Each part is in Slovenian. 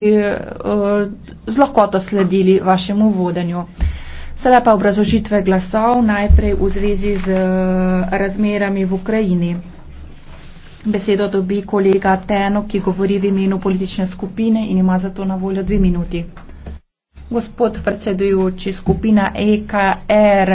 Eh, z lahkoto sledili vašemu vodenju. Sedaj pa obrazožitve glasov najprej v zvezi z eh, razmerami v Ukrajini. Besedo dobi kolega Teno, ki govori v imenu politične skupine in ima za to na voljo dve minuti. Gospod predsedujoči, skupina EKR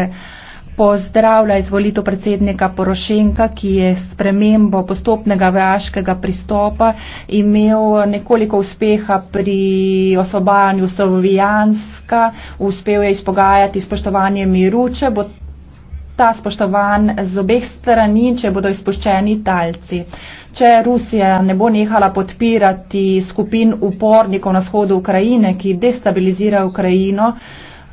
pozdravlja izvolitev predsednika Porošenka, ki je spremembo postopnega vojaškega pristopa imel nekoliko uspeha pri osvobajanju Sovijanska, uspel je izpogajati spoštovanje miru, če bo ta spoštovan z obeh strani, če bodo izpuščeni talci. Če Rusija ne bo nehala podpirati skupin upornikov na shodu Ukrajine, ki destabilizira Ukrajino,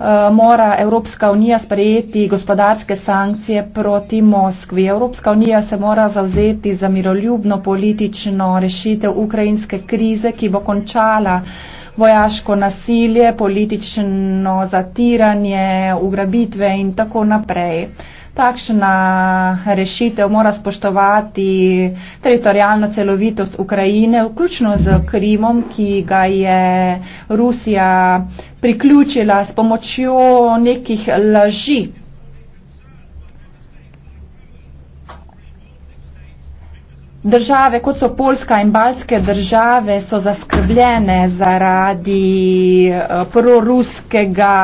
Eh, mora Evropska unija sprejeti gospodarske sankcije proti Moskvi. Evropska unija se mora zavzeti za miroljubno politično rešitev ukrajinske krize, ki bo končala vojaško nasilje, politično zatiranje, ugrabitve in tako naprej. Takšna rešitev mora spoštovati teritorijalno celovitost Ukrajine, vključno z Krimom, ki ga je Rusija priključila s pomočjo nekih laži. Države, kot so Polska in Balske države, so zaskrbljene zaradi eh, proruskega,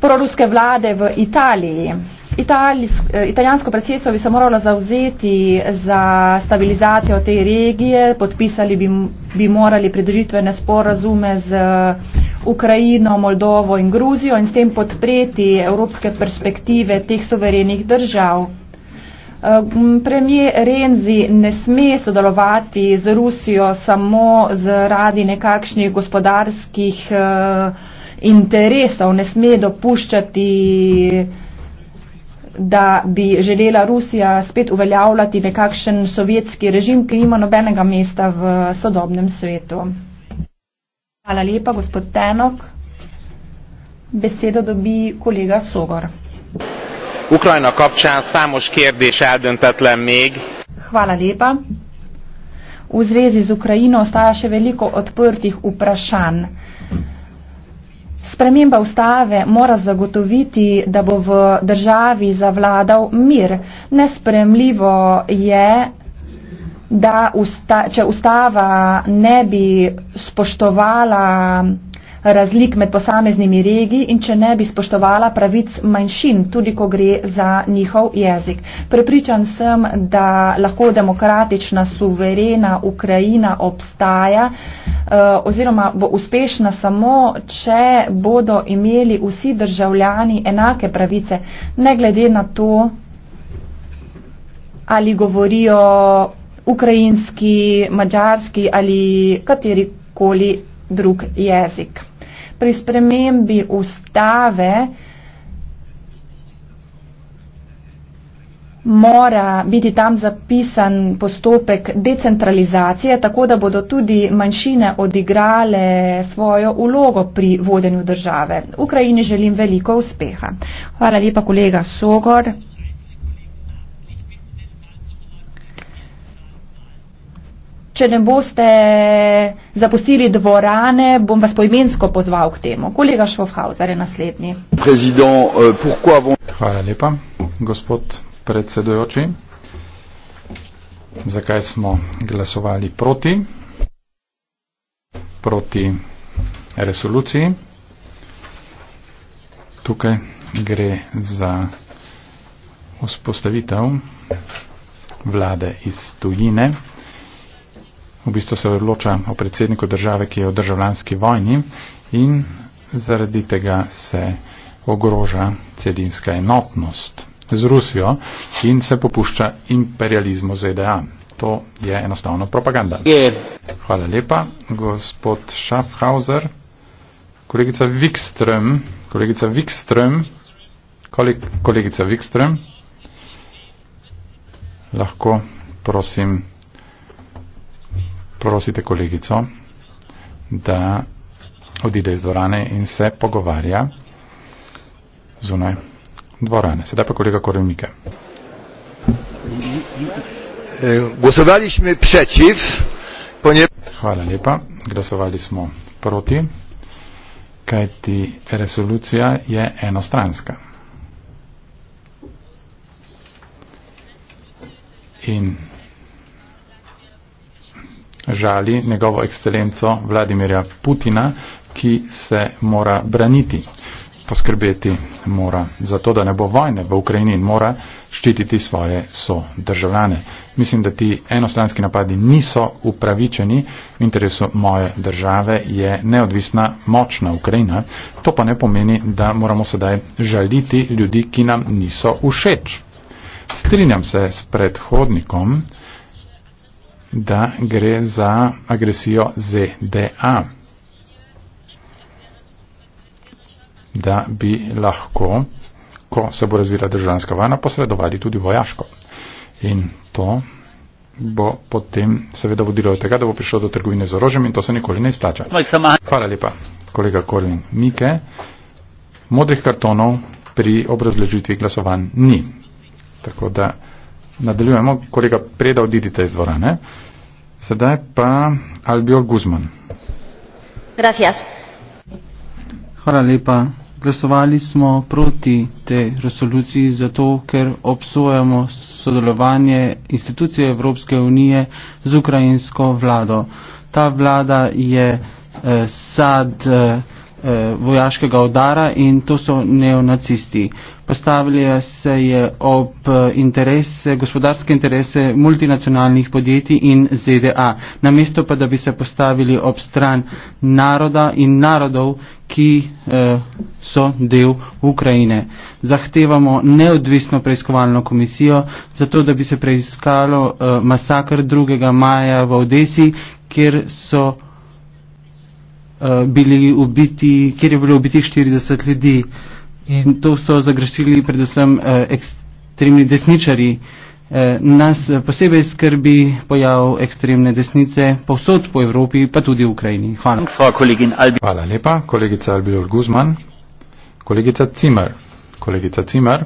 proruske vlade v Italiji. Eh, italijansko predsedstvo bi se moralo zauzeti za stabilizacijo te regije, podpisali bi, bi morali pridružitvene sporazume z eh, Ukrajino, Moldovo in Gruzijo in s tem podpreti evropske perspektive teh suverenih držav. Eh, Premijer Renzi ne sme sodelovati z Rusijo samo zaradi nekakšnih gospodarskih interesov, ne sme dopuščati uh, da bi želela Rusija spet uveljavljati nekakšen sovjetski režim, ki nima nobenega mesta v sodobnem svetu. Hvala lepa, gospod Tenok. Besedo dobi kolega Sogor. Ukrajina kapčan számos kérdés eldöntetlen még. Hvala lepa. V zvezi z Ukrajino ostaja še veliko odprtih vprašanj. Sprememba ustave mora zagotoviti, da bo v državi zavladal mir. Nespremljivo je, da usta, če ustava ne bi spoštovala razlik med posameznimi regiji in če ne bi spoštovala pravic manjšin, tudi ko gre za njihov jezik. Prepričan sem, da lahko demokratična, suverena Ukrajina obstaja eh, oziroma bo uspešna samo, če bodo imeli vsi državljani enake pravice, ne glede na to, ali govorijo ukrajinski, mačarski ali katerikoli drug jezik pri spremembi ustave mora biti tam zapisan postopek decentralizacije, tako da bodo tudi manjšine odigrale svojo ulogo pri vodenju države. Ukrajini želim veliko uspeha. Hvala lepa, kolega Sogor. če ne boste zapustili dvorane, bom vas poimensko pozval k temu. Kolega Šofhauser je naslednji. Eh, Hvala lepa, gospod predsedojoči. Zakaj smo glasovali proti? Proti resoluciji. Tukaj gre za vzpostavitev vlade iz tujine v bistvu se odloča o predsedniku države, ki je v državljanski vojni in zaradi tega se ogroža celinska enotnost z Rusijo in se popušča imperializmu ZDA. To je enostavno propaganda. Hvala lepa, gospod Schaffhauser. Kolegica Wikström, kolegica Wikström, koleg, kolegica Wikström, lahko prosim prosite kolegico, da odide iz dvorane in se pogovarja zunaj dvorane. Sedaj pa kolega Korenike. Glasovali smo proti, Hvala lepa. Glasovali smo proti, kajti resolucija je enostranska. In žali njegovo ekscelenco Vladimirja Putina, ki se mora braniti. Poskrbeti mora za to, da ne bo vojne v Ukrajini in mora ščititi svoje sodržavljane. Mislim, da ti enostranski napadi niso upravičeni. V interesu moje države je neodvisna, močna Ukrajina. To pa ne pomeni, da moramo sedaj žaliti ljudi, ki nam niso všeč. Strinjam se s predhodnikom da gre za agresijo ZDA, da bi lahko, ko se bo razvila državljanska vojna, posredovali tudi vojaško. In to bo potem seveda vodilo do tega, da bo prišlo do trgovine z orožjem in to se nikoli ne izplača. Hvala lepa, kolega Korin Mike. Modrih kartonov pri obrazložitvi glasovanj ni. Tako da. Nadaljujemo, kolega Preda, odidite iz dvorane. Sedaj pa Albiol Guzman. Gracias. Hvala lepa. Glasovali smo proti te resoluciji zato, ker obsojamo sodelovanje institucije Evropske unije z ukrajinsko vlado. Ta vlada je eh, sad eh, Eh, vojaškega odara in to so neonacisti. Postavili se je ob eh, interese, gospodarske interese multinacionalnih podjetij in ZDA, namesto pa, da bi se postavili ob stran naroda in narodov, ki eh, so del Ukrajine. Zahtevamo neodvisno preiskovalno komisijo, zato da bi se preiskalo eh, masakr 2. maja v Odesi, kjer so Eh, bili ubiti, kjer je bilo ubiti 40 ljudi. In to so zagrešili predvsem uh, ekstremni desničari. Uh, eh, nas posebej skrbi pojav ekstremne desnice povsod po Evropi, pa tudi v Ukrajini. Hvala. Hvala lepa, kolegica Albilor Guzman. Kolegica Cimar. Kolegica Cimar.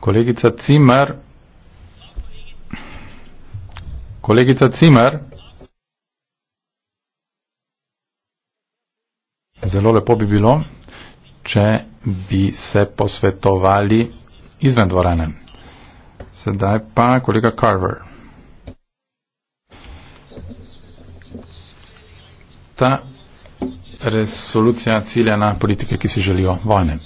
Kolegica Cimar. Kolegica Cimar. Zelo lepo bi bilo, če bi se posvetovali izven dvorane. Sedaj pa kolega Carver. Ta resolucija cilja na politike, ki si želijo vojne.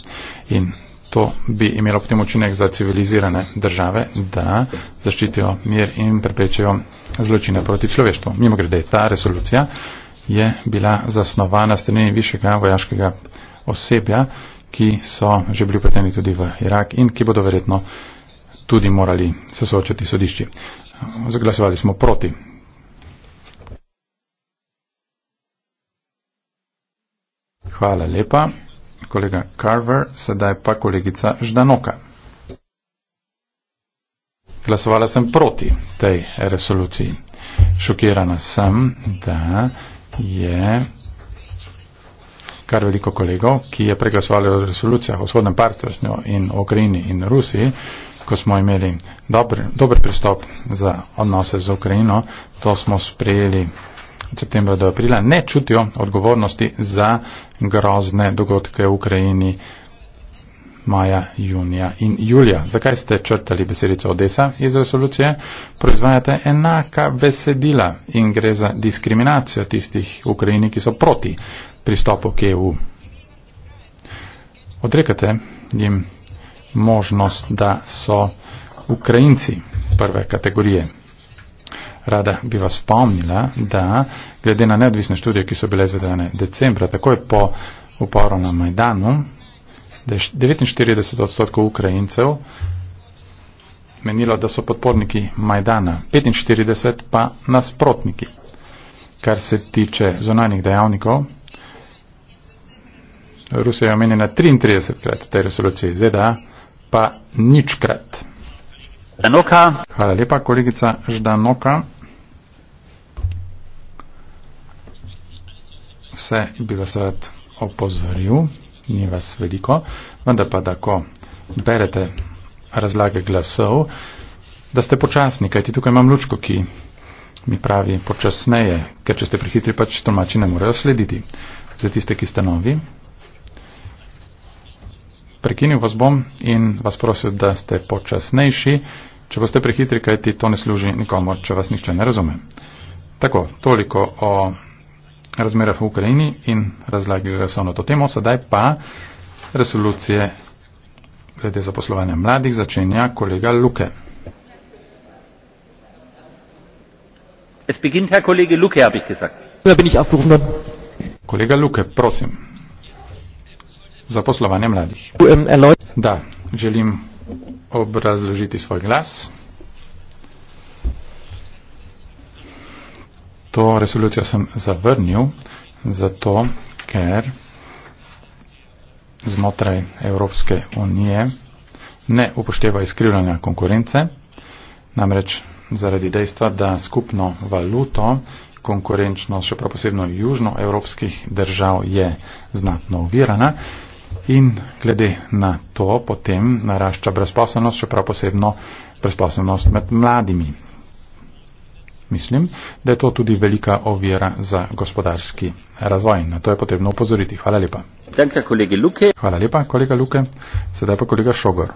In to bi imelo potem učinek za civilizirane države, da zaščitijo mir in preprečijo zločine proti človeštvu. Mimo grede, ta resolucija je bila zasnovana strani višjega vojaškega osebja, ki so že bili upleteni tudi v Irak in ki bodo verjetno tudi morali se soočati sodišči. Zaglasovali smo proti. Hvala lepa. Kolega Carver, sedaj pa kolegica Ždanoka. Glasovala sem proti tej resoluciji. Šokirana sem, da je kar veliko kolegov, ki je preglasovali o resolucijah o vzhodnem partnerstvu in o Ukrajini in Rusiji, ko smo imeli dober, dober pristop za odnose z Ukrajino, to smo sprejeli od septembra do aprila, ne čutijo odgovornosti za grozne dogodke v Ukrajini, maja, junija in julija. Zakaj ste črtali besedico Odesa iz resolucije? Proizvajate enaka besedila in gre za diskriminacijo tistih v Ukrajini, ki so proti pristopu k EU. Odrekate jim možnost, da so Ukrajinci prve kategorije. Rada bi vas spomnila, da glede na neodvisne študije, ki so bile izvedene decembra, takoj po uporu na Majdanu, da je 49 odstotkov Ukrajincev menilo, da so podporniki Majdana, 45 pa nasprotniki. Kar se tiče zonalnih dejavnikov, Rusija je omenjena 33 krat v tej resoluciji, ZDA pa ničkrat. Danoka. Hvala lepa, kolegica Ždanoka. Vse bi vas rad opozoril ni vas veliko, vendar pa, da ko berete razlage glasov, da ste počasni, kajti tukaj imam lučko, ki mi pravi počasneje, ker če ste prehitri, pač tolmači ne morejo slediti. Za tiste, ki ste novi, prekinil vas bom in vas prosil, da ste počasnejši, če boste prehitri, kajti to ne služi nikomu, če vas nihče ne razume. Tako, toliko o razmerah v Ukrajini in razlagil je vse na to temo. Sedaj pa resolucije glede zaposlovanja mladih začenja kolega Luke. Es beginnt Herr Kollege Luke, habe ich gesagt. Da bin ich aufgerufen worden. Kollege Luke, prosim. Zaposlovanje mladih. Um, da, želim obrazložiti svoj glas. To resolucijo sem zavrnil, zato ker znotraj Evropske unije ne upošteva izkrivljanja konkurence, namreč zaradi dejstva, da skupno valuto konkurenčno, še prav posebno južnoevropskih držav je znatno uvirana in glede na to potem narašča brezposobnost, še prav posebno brezposobnost med mladimi. Mislim, da je to tudi velika ovira za gospodarski razvoj. Na to je potrebno upozoriti. Hvala lepa. Danke, kolegi Luke. Hvala lepa, kolega Luke. Sedaj pa kolega Šogor.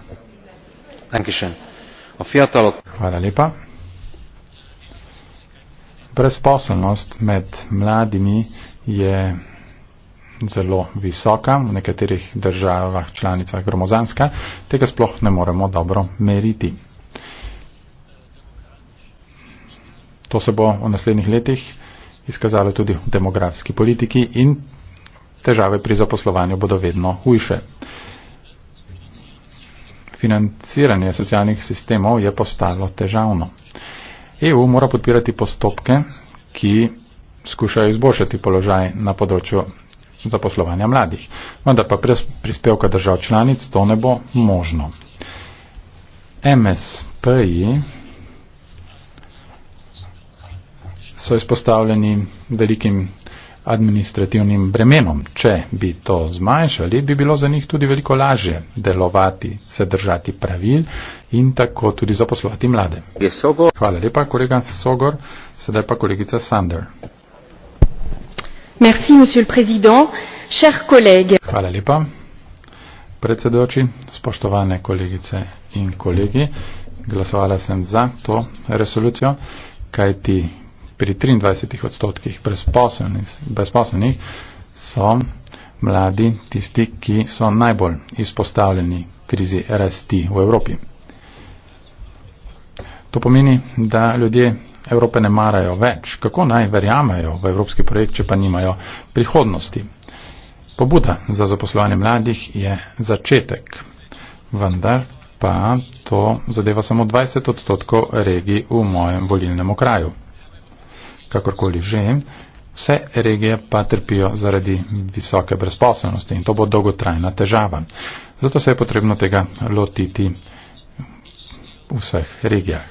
Hvala lepa. Brezposelnost med mladimi je zelo visoka, v nekaterih državah članicah gromozanska, tega sploh ne moremo dobro meriti. To se bo v naslednjih letih izkazalo tudi v demografski politiki in težave pri zaposlovanju bodo vedno hujše. Financiranje socialnih sistemov je postalo težavno. EU mora podpirati postopke, ki skušajo izboljšati položaj na področju zaposlovanja mladih, vendar pa brez prispevka držav članic to ne bo možno. MSPI so izpostavljeni velikim administrativnim bremenom. Če bi to zmanjšali, bi bilo za njih tudi veliko lažje delovati, se držati pravil in tako tudi zaposlovati mlade. Hvala lepa, kolega Sogor. Sedaj pa kolegica Sander. Merci, Hvala lepa, predsedoči, spoštovane kolegice in kolegi. Glasovala sem za to resolucijo, kajti pri 23 odstotkih brezposobnih so mladi tisti, ki so najbolj izpostavljeni krizi RST v Evropi. To pomeni, da ljudje Evrope ne marajo več. Kako naj verjamajo v evropski projekt, če pa nimajo prihodnosti? Pobuda za zaposlovanje mladih je začetek, vendar pa to zadeva samo 20 odstotkov regij v mojem volilnem okraju kakorkoli že, vse regije pa trpijo zaradi visoke brezposobnosti in to bo dolgotrajna težava. Zato se je potrebno tega lotiti v vseh regijah.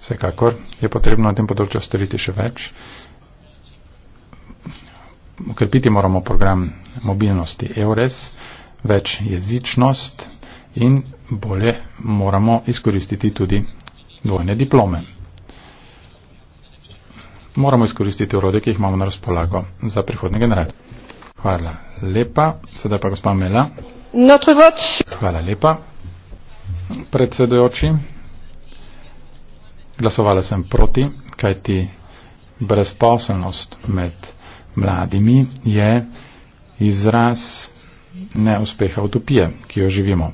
Vsekakor je potrebno na tem področju storiti še več. Ukrepiti moramo program mobilnosti EURES, več jezičnost in bolje moramo izkoristiti tudi dvojne diplome moramo izkoristiti urode, ki jih imamo na razpolago za prihodne generacije. Hvala lepa. Sedaj pa gospa Mela. Hvala lepa, predsedojoči. Glasovala sem proti, kajti brezposelnost med mladimi je izraz neuspeha utopije, ki jo živimo.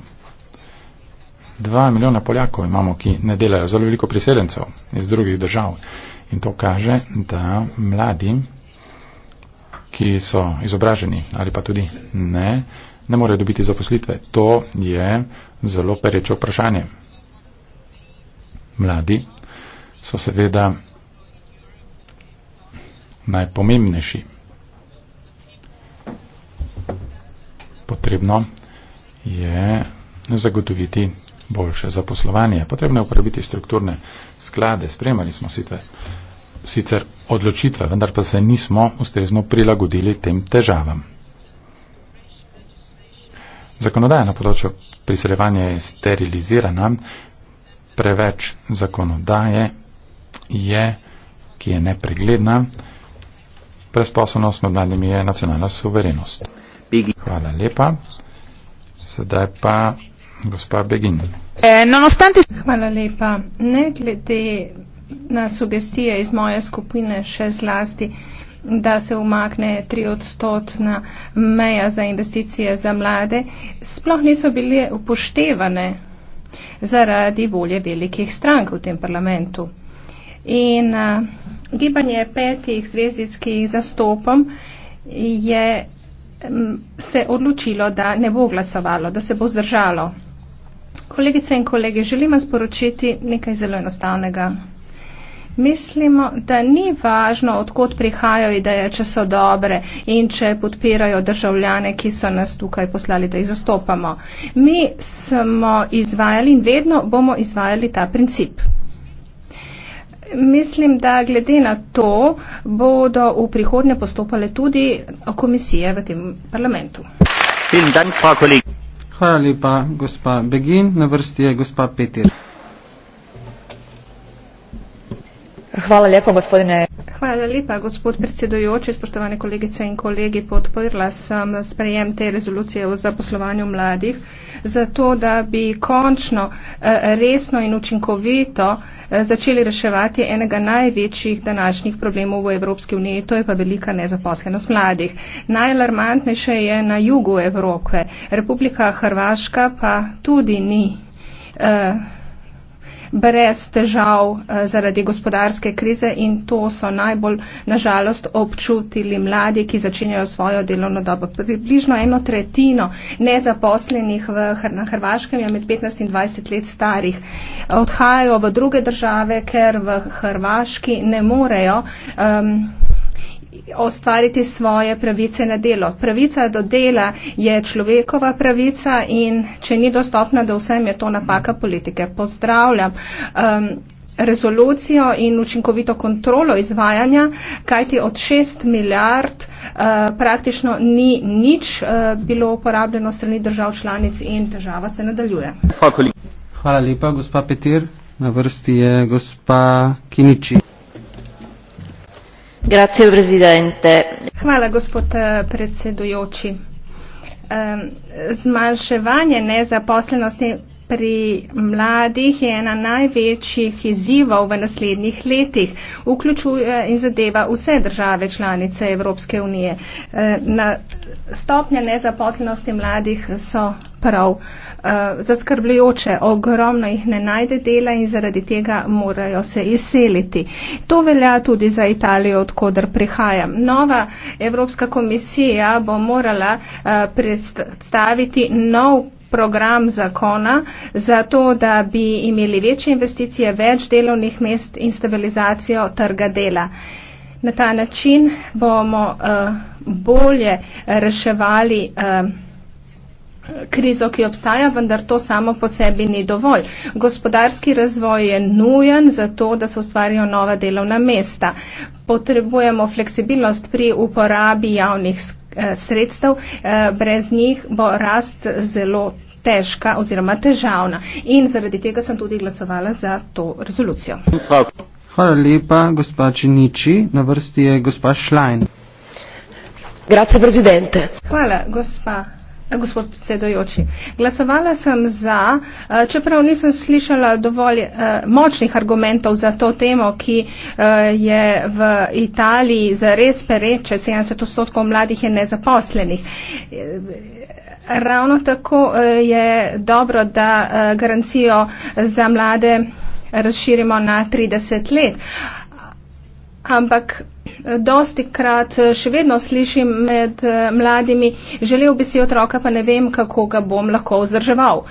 Dva milijona Poljakov imamo, ki ne delajo, zelo veliko priseljencev iz drugih držav. In to kaže, da mladi, ki so izobraženi ali pa tudi ne, ne morejo dobiti zaposlitve. To je zelo pereče vprašanje. Mladi so seveda najpomembnejši. Potrebno je zagotoviti boljše zaposlovanje. Potrebno je uporabiti strukturne sklade, spremali smo sicer, sicer odločitve, vendar pa se nismo ustrezno prilagodili tem težavam. Zakonodaja na področju priseljevanja je sterilizirana, preveč zakonodaje je, ki je nepregledna, presposobnost med mladimi je nacionalna suverenost. Hvala lepa. Sedaj pa gospa Begin. E, nonostante... Hvala lepa. Ne glede na sugestije iz moje skupine še zlasti, da se umakne tri odstotna meja za investicije za mlade, sploh niso bile upoštevane zaradi volje velikih strank v tem parlamentu. In a, eh, gibanje petih zvezdic, ki jih zastopam, je m, mm, se odločilo, da ne bo glasovalo, da se bo zdržalo. Kolegice in kolege, želim vam sporočiti nekaj zelo enostavnega. Mislimo, da ni važno, odkot prihajajo ideje, če so dobre in če podpirajo državljane, ki so nas tukaj poslali, da jih zastopamo. Mi smo izvajali in vedno bomo izvajali ta princip. Mislim, da glede na to bodo v prihodnje postopale tudi komisije v tem parlamentu. In dan, fra kolegi. Hvala lepa, gospa Begin. Na vrsti je gospa Petir. Hvala lepa, gospodine. Hvala lepa, gospod predsedujoči, spoštovane kolegice in kolegi. Podprla sem sprejem te rezolucije o zaposlovanju mladih, zato da bi končno eh, resno in učinkovito eh, začeli reševati enega največjih današnjih problemov v Evropski uniji, to je pa velika nezaposlenost mladih. Najalarmantnejše je na jugu Evrope, Republika Hrvaška pa tudi ni. Uh, brez težav eh, zaradi gospodarske krize in to so najbolj nažalost občutili mladi, ki začenjajo svojo delovno dobo. Približno eno tretjino nezaposlenih v, na Hrvaškem je med 15 in 20 let starih. Odhajajo v druge države, ker v Hrvaški ne morejo. Um, ostvariti svoje pravice na delo. Pravica do dela je človekova pravica in če ni dostopna do vsem, je to napaka politike. Pozdravljam. Um, rezolucijo in učinkovito kontrolo izvajanja, kajti od 6 milijard eh, praktično ni nič eh, bilo uporabljeno strani držav članic in država se nadaljuje. Hvala lepa, gospa Petir. Na vrsti je gospa Kiniči. Hvala, gospod eh, predsedujoči. Zmanjševanje nezaposlenosti pri mladih je ena največjih izzivov v naslednjih letih vključuje in zadeva vse države članice Evropske unije. E, na stopnje nezaposlenosti mladih so prav e, zaskrbljujoče, ogromno jih ne najde dela in zaradi tega morajo se izseliti. To velja tudi za Italijo, odkudar prihajam. Nova Evropska komisija bo morala e, predstaviti nov program zakona za to, da bi imeli večje investicije, več delovnih mest in stabilizacijo trga dela. Na ta način bomo uh, bolje reševali uh, krizo, ki obstaja, vendar to samo po sebi ni dovolj. Gospodarski razvoj je nujen za to, da se ustvarijo nova delovna mesta. Potrebujemo fleksibilnost pri uporabi javnih skrbi Eh, sredstev, eh, brez njih bo rast zelo težka oziroma težavna. In zaradi tega sem tudi glasovala za to rezolucijo. Hvala lepa, gospa Činiči. Na vrsti je gospa Šlajn. Grazie, Presidente. Hvala, gospa Eh, gospod predsedojoči, glasovala sem za, eh, čeprav nisem slišala dovolj eh, močnih argumentov za to temo, ki je v Italiji zares pereče, 70 odstotkov mladih je nezaposlenih. Ravno tako je dobro, da garancijo za mlade razširimo na 30 let ampak eh, dosti krat eh, še vedno slišim med eh, mladimi, želel bi si otroka, pa ne vem, kako ga bom lahko vzdrževal.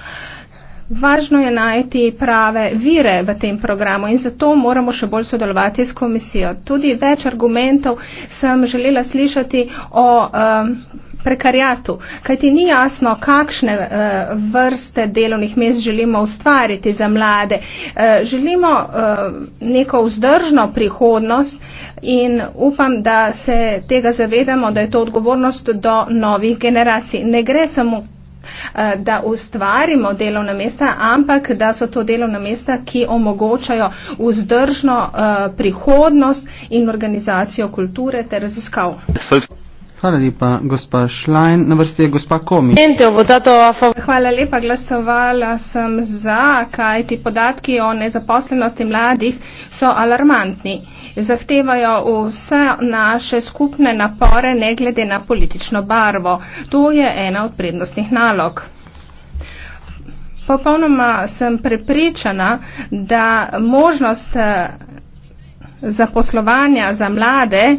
Važno je najti prave vire v tem programu in zato moramo še bolj sodelovati s komisijo. Tudi več argumentov sem želela slišati o. Um, prekarjatu, kajti ni jasno, kakšne uh, vrste delovnih mest želimo ustvariti za mlade. Uh, želimo uh, neko vzdržno prihodnost in upam, da se tega zavedamo, da je to odgovornost do novih generacij. Ne gre samo da ustvarimo delovna mesta, ampak da so to delovna mesta, ki omogočajo vzdržno uh, prihodnost in organizacijo kulture ter raziskav. Hvala lepa, gospa Šlajn. Na vrsti je gospa Komi. Hvala lepa, glasovala sem za, kaj ti podatki o nezaposlenosti mladih so alarmantni. Zahtevajo vse naše skupne napore, ne glede na politično barvo. To je ena od prednostnih nalog. Popolnoma sem prepričana, da možnost zaposlovanja za mlade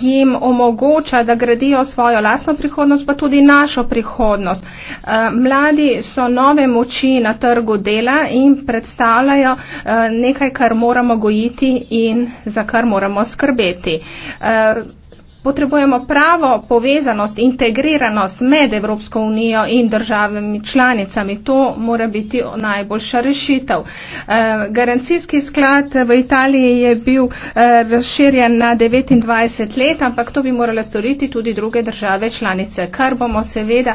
jim omogoča, da gradijo svojo lastno prihodnost, pa tudi našo prihodnost. Eh, mladi so nove moči na trgu dela in predstavljajo eh, nekaj, kar moramo gojiti in za kar moramo skrbeti. Eh, Potrebujemo pravo povezanost, integriranost med Evropsko unijo in državami članicami. To mora biti najboljša rešitev. Eh, garancijski sklad v Italiji je bil eh, razširjen na 29 let, ampak to bi morale storiti tudi druge države članice, kar bomo seveda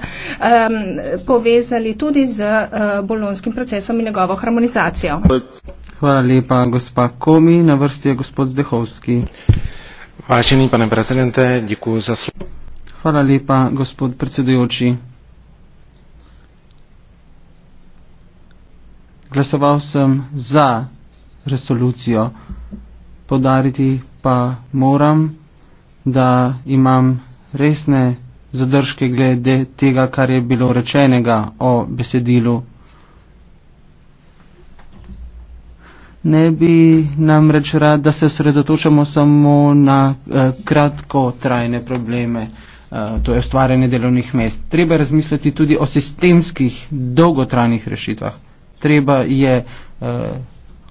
povezali tudi z eh, bolonskim procesom in njegovo harmonizacijo. Hvala lepa, gospa Komi. Na vrsti je gospod Zdehovski. Vážený pane prezidente, děkuji za slovo. Hvala lepa, gospod predsedujoči. Glasoval sem za resolucijo, podariti pa moram, da imam resne zadržke glede tega, kar je bilo rečenega o besedilu Ne bi nam reč rad, da se osredotočamo samo na eh, kratko trajne probleme, eh, to je ustvarjanje delovnih mest. Treba razmisliti tudi o sistemskih, dolgotrajnih rešitvah. Treba je eh,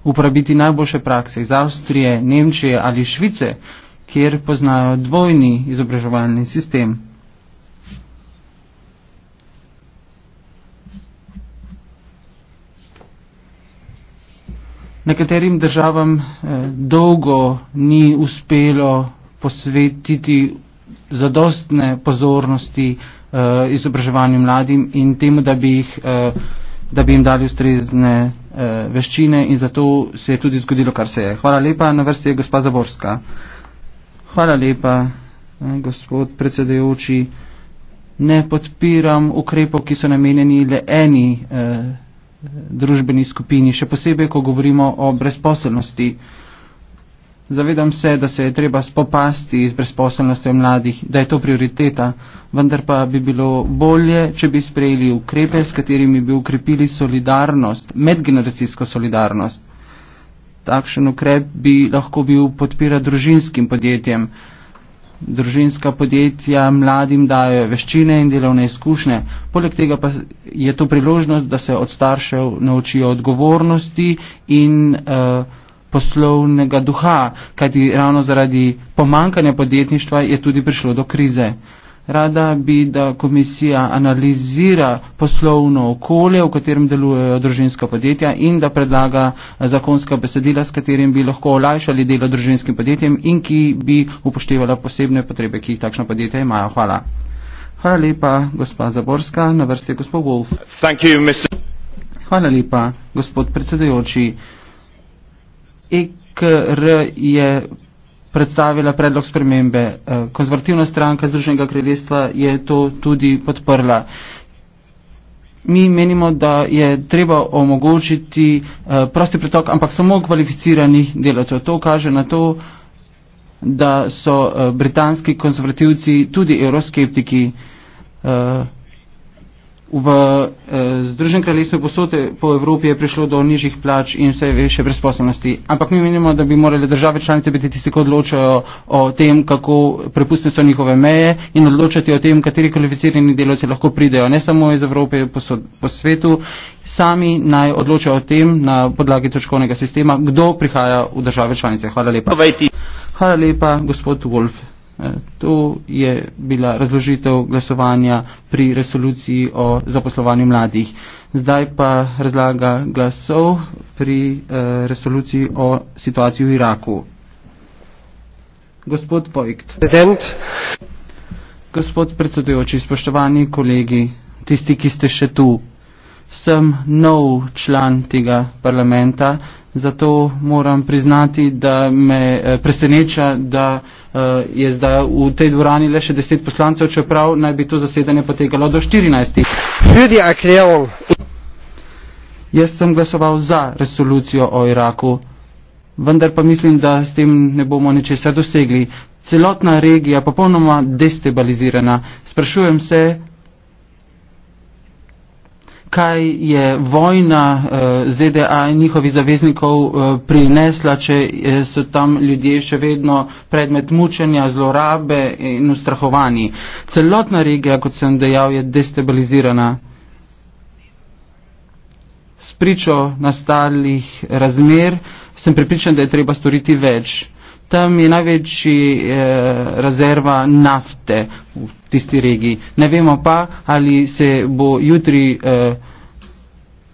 uporabiti najboljše prakse iz Avstrije, Nemčije ali Švice, kjer poznajo dvojni izobraževalni sistem. Nekaterim državam eh, dolgo ni uspelo posvetiti zadostne pozornosti eh, izobraževanju mladim in temu, da bi, jih, eh, da bi jim dali ustrezne eh, veščine in zato se je tudi zgodilo, kar se je. Hvala lepa, na vrsti je gospa Zaborska. Hvala lepa, eh, gospod predsedujoči. Ne podpiram ukrepov, ki so namenjeni le eni. Eh, družbeni skupini, še posebej, ko govorimo o brezposelnosti. Zavedam se, da se je treba spopasti z brezposelnostjo mladih, da je to prioriteta, vendar pa bi bilo bolje, če bi sprejeli ukrepe, s katerimi bi ukrepili solidarnost, medgeneracijsko solidarnost. Takšen ukrep bi lahko bil podpira družinskim podjetjem, družinska podjetja mladim dajo veščine in delovne izkušnje. Poleg tega pa je to priložnost, da se od staršev naučijo odgovornosti in uh, poslovnega duha, kajti ravno zaradi pomankanja podjetništva je tudi prišlo do krize. Uh, Rada bi, da komisija analizira poslovno okolje, v katerem delujejo družinska podjetja in da predlaga zakonska besedila, s katerim bi lahko olajšali delo družinskim podjetjem in ki bi upoštevala posebne potrebe, ki jih takšna podjetja imajo. Hvala. Hvala lepa, gospa Zaborska. Na vrsti je gospod Wolf. You, Mr. Hvala lepa, gospod predsedujoči. EKR je predstavila predlog spremembe. Eh, konzervativna stranka Združenega kraljestva je to tudi podprla. Mi menimo, da je treba omogočiti eh, prosti pritok, ampak samo kvalificiranih delavcev. To kaže na to, da so eh, britanski konzervativci tudi euroskeptiki. Uh, v eh, Združenem kraljestvu posode eh, po Evropi je prišlo do nižjih plač in vse više brezposobnosti. Ampak mi menimo, da bi morali države članice biti tisti, ki odločajo o tem, kako prepustne so njihove meje in odločati o tem, kateri kvalificirani delovci lahko pridejo, ne samo iz Evrope, posod, po svetu. Sami naj odločajo o tem na podlagi točkovnega sistema, kdo prihaja v države članice. Hvala lepa. Hvala lepa, gospod Wolf. Eh, to je bila razložitev glasovanja pri resoluciji o zaposlovanju mladih. Zdaj pa razlaga glasov pri eh, resoluciji o situaciji v Iraku. Gospod Vojkt. President. Gospod predsedujoči, spoštovani kolegi, tisti, ki ste še tu. Sem nov član tega parlamenta, zato moram priznati, da me eh, preseneča, da uh, je zdaj v tej dvorani le še deset poslancev, čeprav naj bi to zasedanje potekalo do 14. Jaz sem glasoval za resolucijo o Iraku, vendar pa mislim, da s tem ne bomo ničesar dosegli. Celotna regija popolnoma destabilizirana. Sprašujem se, kaj je vojna eh, ZDA in njihovih zaveznikov eh, prinesla, če eh, so tam ljudje še vedno predmet mučenja, zlorabe in ustrahovanji. Celotna regija, kot sem dejal, je destabilizirana. Spričo nastalih razmer sem pripričan, da je treba storiti več tam je največji eh, rezerva nafte v tisti regiji. Ne vemo pa, ali se bo jutri eh,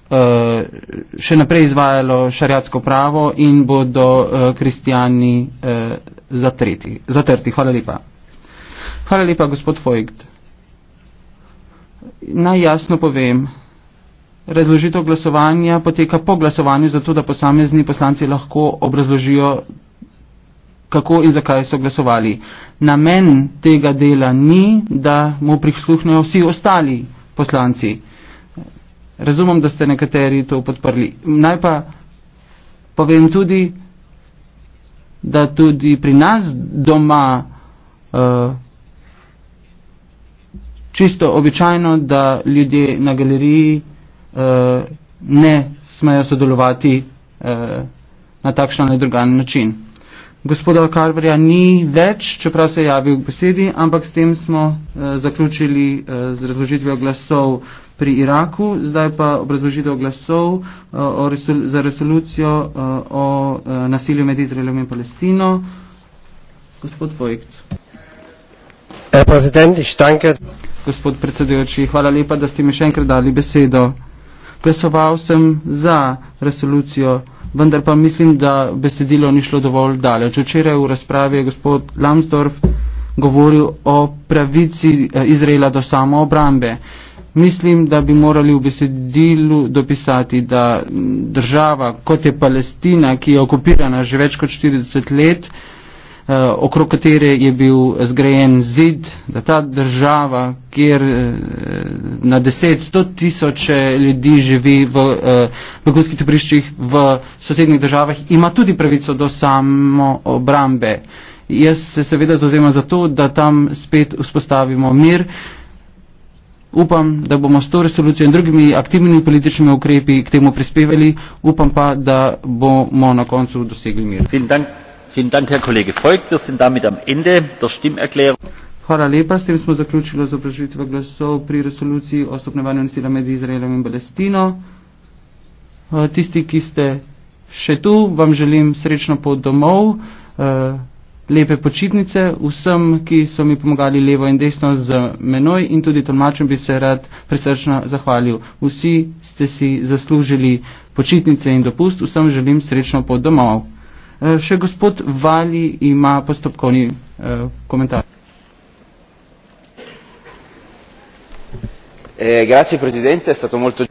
eh, še naprej izvajalo šariatsko pravo in bodo eh, kristijani eh, zatreti, zatrti. Hvala lepa. Hvala lepa, gospod Fojgt. Najjasno povem, razložitev glasovanja poteka po glasovanju, zato da posamezni poslanci lahko obrazložijo kako in zakaj so glasovali. Namen tega dela ni, da mu prisluhnejo vsi ostali poslanci. Razumem, da ste nekateri to podprli. Naj pa povem tudi, da tudi pri nas doma uh, čisto običajno, da ljudje na galeriji uh, ne smejo sodelovati uh, na takšen ali drugačen način gospoda Karverja ni več, čeprav se je javil k besedi, ampak s tem smo eh, zaključili eh, z razložitvijo glasov pri Iraku, zdaj pa obrazložitev glasov eh, o resol za resolucijo eh, o eh, nasilju med Izraelom in Palestino. Gospod Vojkt. Gospod predsedujoči, hvala lepa, da ste mi še enkrat dali besedo. Glasoval sem za resolucijo vendar pa mislim, da besedilo ni šlo dovolj daleč. Včeraj v razpravi je gospod Lambsdorff govoril o pravici eh, Izraela do samoobrambe. Mislim, da bi morali v besedilu dopisati, da mm, država kot je Palestina, ki je okupirana že več kot 40 let, Eh, okrog katere je bil zgrajen zid, da ta država, kjer eh, na deset, sto tisoče ljudi živi v begunskih eh, tepriščih v sosednjih državah, ima tudi pravico do samoobrambe. Jaz se seveda zauzemam za to, da tam spet vzpostavimo mir. Upam, da bomo s to resolucijo in drugimi aktivnimi političnimi ukrepi k temu prispevali. Upam pa, da bomo na koncu dosegli mir. Vielen Dank. Vielen Dank, Herr Kollege Voigt. Wir sind damit am Ende der Stimmerklärung. Hvala lepa, s tem smo zaključili z obražitve glasov pri resoluciji o stopnevanju nasilja med Izraelom in Palestino. Eh, tisti, ki ste še tu, vam želim srečno pot domov, eh, lepe počitnice, vsem, ki so mi pomagali levo in desno z menoj in tudi tolmačem bi se rad presrčno zahvalil. Vsi ste si zaslužili počitnice in dopust, vsem želim srečno pot domov. Eh, še gospod Vali ima postopkovni eh, komentar. Eh,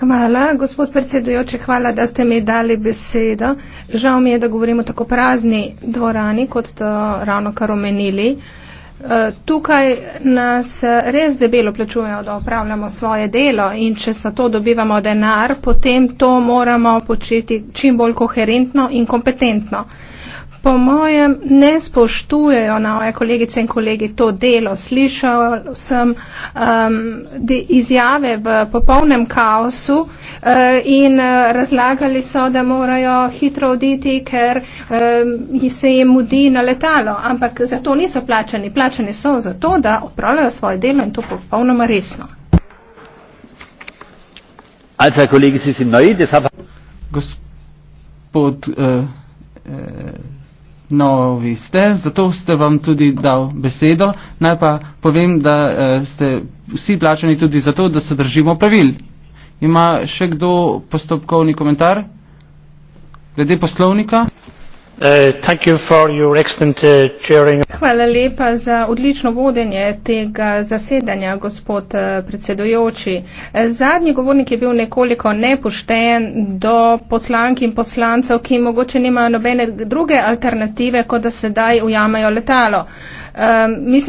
hvala, gospod predsedujoče, hvala, da ste mi dali besedo. Žal mi je, da govorimo tako prazni dvorani, kot ste ravno kar omenili. Eh, tukaj nas res debelo plačujejo, da opravljamo svoje delo in če za to dobivamo denar, potem to moramo početi čim bolj koherentno in kompetentno po mojem ne spoštujejo nove kolegice in kolegi to delo. Slišal sem um, izjave v popolnem kaosu uh, in uh, razlagali so, da morajo hitro oditi, ker uh, se jim mudi na letalo, ampak za to niso plačani. Plačani so za to, da opravljajo svoje delo in to popolnoma resno. Also, kolegi, Sie sind neu, deshalb... Gospod, uh, uh, novi ste, zato ste vam tudi dal besedo. Naj pa povem, da eh, ste vsi plačani tudi zato, da se držimo pravil. Ima še kdo postopkovni komentar glede poslovnika? Uh, uh, Hvala lepa za odlično vodenje tega zasedanja, gospod uh, predsedujoči. Zadnji govornik je bil nekoliko nepošten do poslank in poslancev, ki mogoče nimajo nobene druge alternative, kot da sedaj ujamejo letalo. Um,